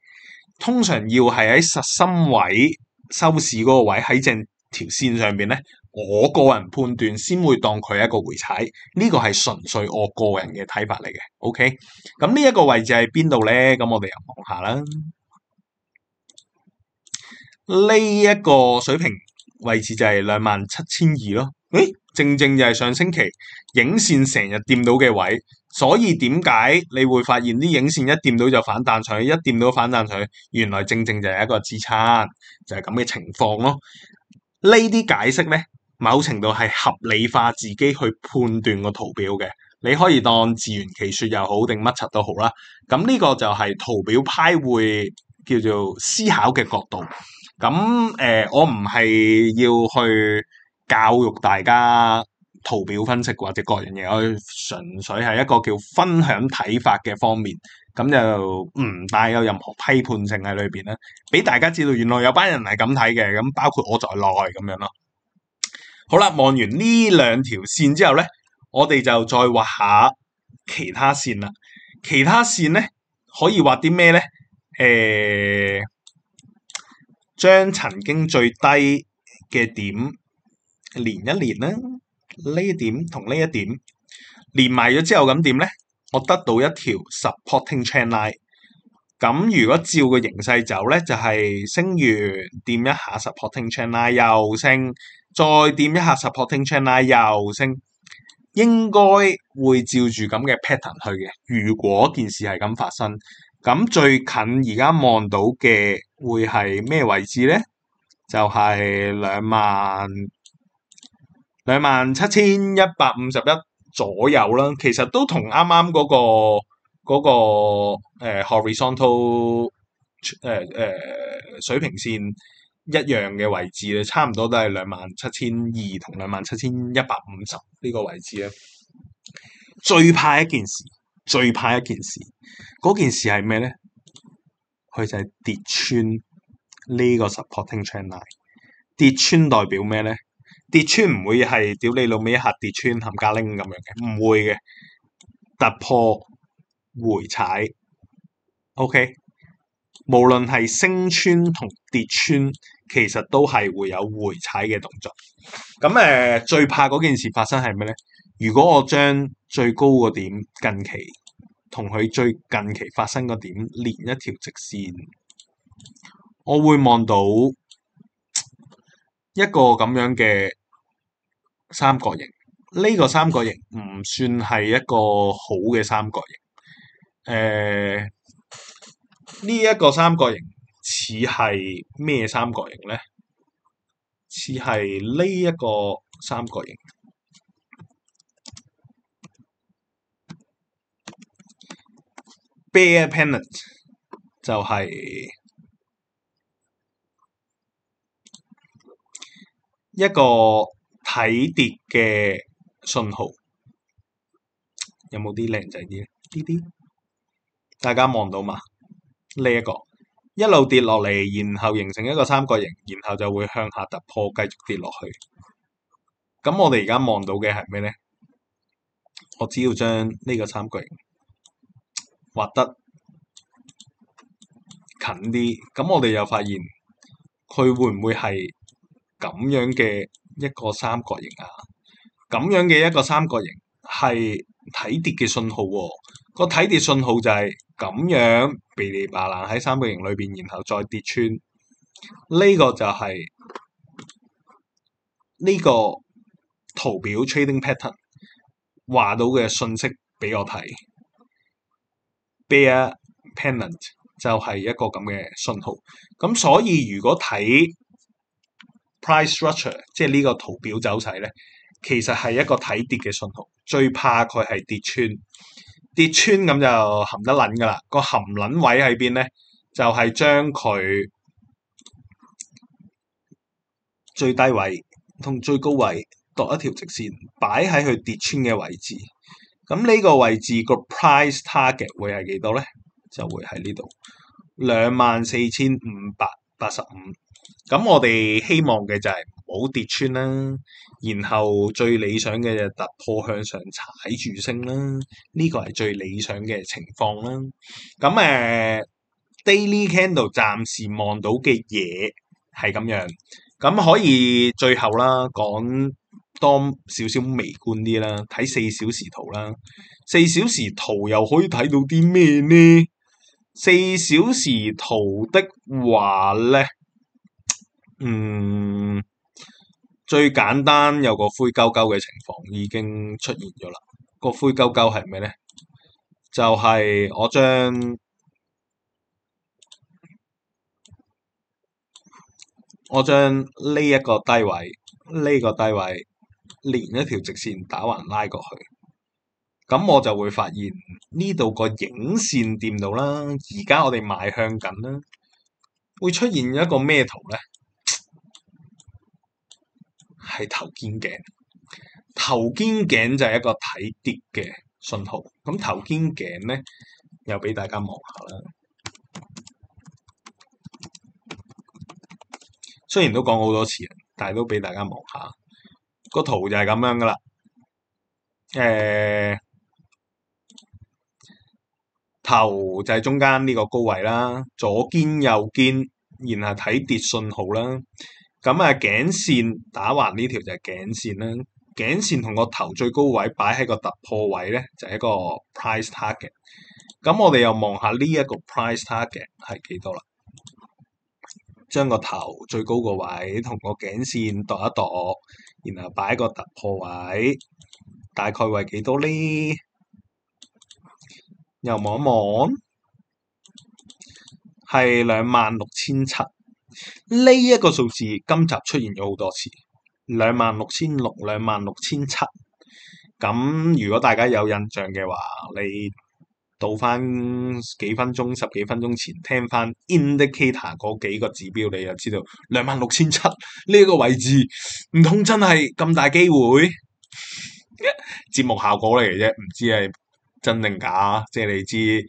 通常要係喺實心位收市嗰個位喺正條線上面呢。我個人判斷先會當佢係一個回踩，呢個係純粹我個人嘅睇法嚟嘅。OK，咁呢一個位置係邊度呢？咁我哋又望下啦。呢一個水平位置就係兩萬七千二咯。誒，正正就係上星期影線成日掂到嘅位，所以點解你會發現啲影線一掂到就反彈上去，一掂到反彈上去，原來正正就係一個支撐，就係咁嘅情況咯。呢啲解釋咧。某程度係合理化自己去判斷個圖表嘅，你可以當自圓其說又好，定乜柒都好啦。咁呢個就係圖表派會叫做思考嘅角度。咁誒、呃，我唔係要去教育大家圖表分析或者各樣嘢，我純粹係一個叫分享睇法嘅方面。咁就唔帶有任何批判性喺裏邊啦，俾大家知道原來有班人係咁睇嘅，咁包括我在內咁樣咯。好啦，望完呢兩條線之後咧，我哋就再畫下其他線啦。其他線咧可以畫啲咩咧？誒、欸，將曾經最低嘅點連一連啦。呢一點同呢一點連埋咗之後，咁點咧？我得到一條 supporting trend line。咁如果照個形勢走咧，就係、是、升完掂一下 supporting trend line 又升。再掂一下 supporting channel 又升，應該會照住咁嘅 pattern 去嘅。如果件事係咁發生，咁最近而家望到嘅會係咩位置咧？就係兩萬、兩萬七千一百五十一左右啦。其實都同啱啱嗰個嗰、個誒、呃、horizontal 誒、呃、誒、呃、水平線。一樣嘅位置咧，差唔多都係兩萬七千二同兩萬七千一百五十呢個位置咧。最怕一件事，最怕一件事，嗰件事係咩咧？佢就係跌穿呢個 supporting trend line。跌穿代表咩咧？跌穿唔會係屌你老味一下跌穿冚家拎咁樣嘅，唔會嘅。突破回踩，OK。無論係升穿同跌穿。其實都係會有回踩嘅動作。咁誒、呃，最怕嗰件事發生係咩咧？如果我將最高個點近期同佢最近期發生個點連一條直線，我會望到一個咁樣嘅三角形。呢、這個三角形唔算係一個好嘅三角形。誒、呃，呢、這、一個三角形。似係咩三角形呢？似係呢一個三角形。Bear Pennant 就係一個睇跌嘅信號，有冇啲靚仔啲呢啲啲，大家望到嘛？呢一個。一路跌落嚟，然後形成一個三角形，然後就會向下突破，繼續跌落去。咁我哋而家望到嘅係咩咧？我只要將呢個三角形畫得近啲，咁我哋又發現佢會唔會係咁樣嘅一個三角形啊？咁樣嘅一個三角形係睇跌嘅信號喎、哦。個睇跌信號就係咁樣，噼里啪啦喺三角形裏邊，然後再跌穿，呢、這個就係呢個圖表 trading pattern 話到嘅信息俾我睇 bear pennant 就係一個咁嘅信號。咁所以如果睇 price structure 即係呢個圖表走勢咧，其實係一個睇跌嘅信號，最怕佢係跌穿。跌穿咁就含得捻噶啦，個含捻位喺邊咧？就係將佢最低位同最高位度一條直線擺喺佢跌穿嘅位置。咁呢個位置個 price target 會係幾多咧？就會喺呢度兩萬四千五百八十五。咁我哋希望嘅就係唔好跌穿啦。然後最理想嘅就突破向上踩住升啦，呢個係最理想嘅情況啦。咁誒，daily candle 暫時望到嘅嘢係咁樣。咁、嗯、可以最後啦，講多少少微觀啲啦，睇四小時圖啦。四小時圖又可以睇到啲咩呢？四小時圖的話咧，嗯。最簡單有個灰鳩鳩嘅情況已經出現咗啦。個灰鳩鳩係咩咧？就係、是、我將我將呢一個低位，呢、這個低位連一條直線打橫拉過去，咁我就會發現呢度個影線掂到啦。而家我哋邁向緊啦，會出現一個咩圖咧？係頭肩頸，頭肩頸就係一個睇跌嘅信號。咁頭肩頸咧，又俾大家望下啦。雖然都講好多次，但係都俾大家望下。個圖就係咁樣噶啦。誒、欸，頭就係中間呢個高位啦，左肩右肩，然後睇跌信號啦。咁啊，頸線打橫呢條就係頸線啦。頸線同個頭最高位擺喺個突破位咧，就係一個 price target。咁我哋又望下呢一個 price target 係幾多啦？將個頭最高個位同個頸線度一度，然後擺個突破位，大概為幾多呢？又望一望，係兩萬六千七。呢一個數字今集出現咗好多次，兩萬六千六、兩萬六千七。咁如果大家有印象嘅話，你倒翻幾分鐘、十幾分鐘前聽翻 indicator 嗰幾個指標，你就知道兩萬六千七呢個位置，唔通真係咁大機會？ [laughs] 節目效果嚟嘅啫，唔知係真定假，即係你知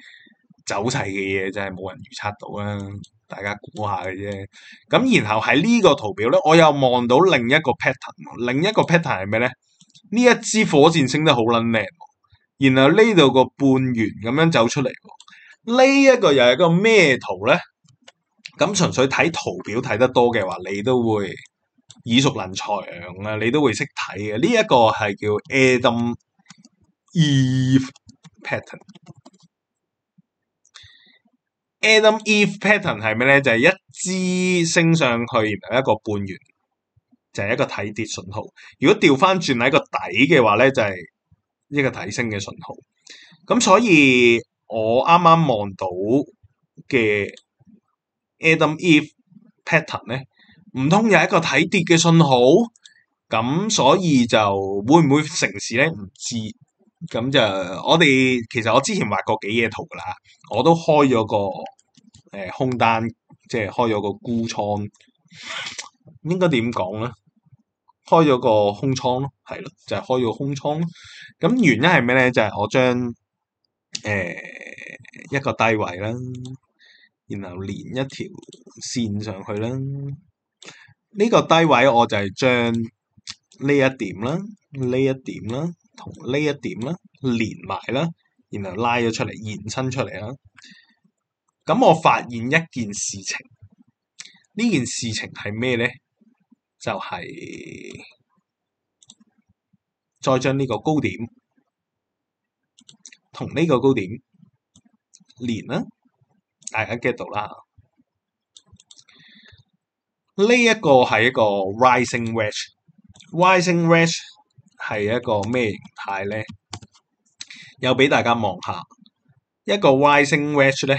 走勢嘅嘢，真係冇人預測到啦。大家估下嘅啫，咁然後喺呢個圖表咧，我又望到另一個 pattern，另一個 pattern 係咩咧？呢一支火箭升得好撚靚，然後呢度個半圓咁樣走出嚟，呢一個又係一個咩圖咧？咁純粹睇圖表睇得多嘅話，你都會耳熟能詳啊，你都會識睇嘅。呢一個係叫 Adam Eve pattern。Adam Eve pattern 係咩咧？就係一支升上去，然後一個半圓，就係一個睇跌信號。如果調翻轉喺個底嘅話咧，就係一個睇升嘅信號。咁所以我啱啱望到嘅 Adam Eve pattern 咧，唔通又係一個睇跌嘅信號，咁所以就會唔會成事咧？唔知。咁就我哋其實我之前畫過幾嘢圖噶啦，我都開咗個。誒空單，即係開咗個沽倉，應該點講咧？開咗個空倉咯，係咯，就係開咗空倉咯。咁原因係咩咧？就係我將誒一個低位啦，然後連一條線上去啦。呢個低位我就係將呢一點啦、呢一點啦同呢一點啦連埋啦，然後拉咗出嚟，延伸出嚟啦。咁我發現一件事情，呢件事情係咩呢？就係再將呢個高點同呢個高點連啦，大家 get 到啦。呢一個係一個 rising wedge，rising wedge 係一個咩形態呢？又畀大家望下一個 rising wedge 呢。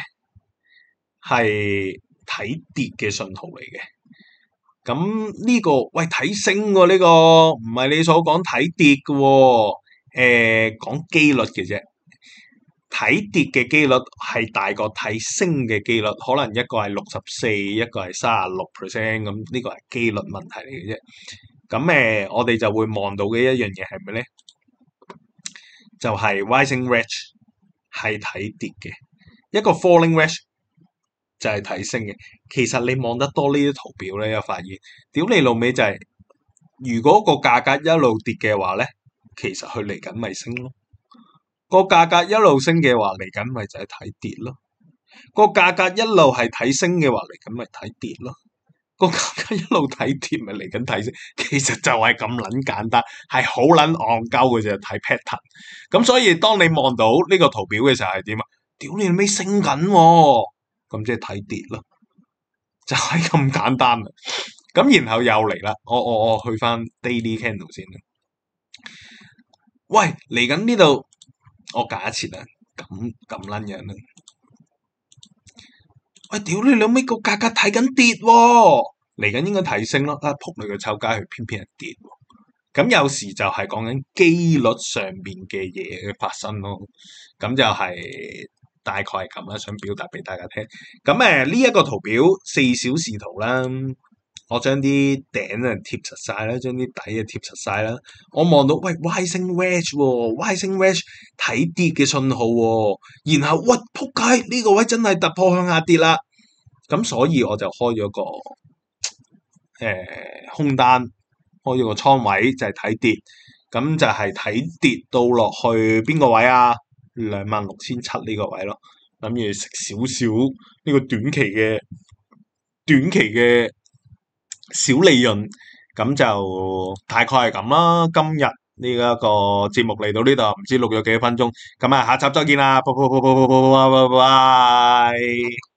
係睇跌嘅信號嚟嘅，咁、嗯、呢、這個喂睇升喎，呢、這個唔係你所講睇跌嘅喎、哦，誒講機率嘅啫，睇跌嘅機率係大過睇升嘅機率，可能一個係六十四，一個係卅六 percent，咁呢個係機率問題嚟嘅啫。咁誒，我哋就會望到嘅一樣嘢係咩咧？就係 rising wedge 係睇跌嘅，一個 falling wedge。就係睇升嘅，其實你望得多呢啲圖表咧，有發現屌你老味。就係，如果個價格一路跌嘅話咧，其實佢嚟緊咪升咯；個價格一路升嘅話嚟緊咪就係睇跌咯；個價格一路係睇升嘅話嚟緊咪睇跌咯；個價格一路睇跌咪嚟緊睇升。其實就係咁捻簡單，係好捻戇鳩嘅就係睇 pattern。咁所以當你望到呢個圖表嘅時候係點啊？屌你老味升緊。咁即係睇跌咯，就係咁簡單啦。咁然後又嚟啦，我我我去翻 daily candle 先啦。喂，嚟緊呢度，我假設啦，咁咁捻樣啦。喂，屌你兩米個價格睇緊跌喎，嚟緊應該提升咯，啊仆你個炒家，佢偏偏係跌。咁有時就係講緊機率上面嘅嘢去發生咯，咁就係。大概係咁啦，想表達俾大家聽。咁誒呢一個圖表四小時圖啦，我將啲頂啊貼實晒啦，將啲底啊貼實晒啦。我望到喂 Y 星 Wedge，Y 星 Wedge 睇跌嘅信號喎。然後屈，撲街呢個位真係突破向下跌啦。咁所以我就開咗個誒、呃、空單，開咗個倉位就係、是、睇跌。咁就係睇跌到落去邊個位啊？兩萬六千七呢個位咯，諗住食少少呢個短期嘅短期嘅小利潤，咁就大概係咁啦。今日呢一個節目嚟到呢度，唔知錄咗幾多分鐘，咁啊下集再見啦，拜拜。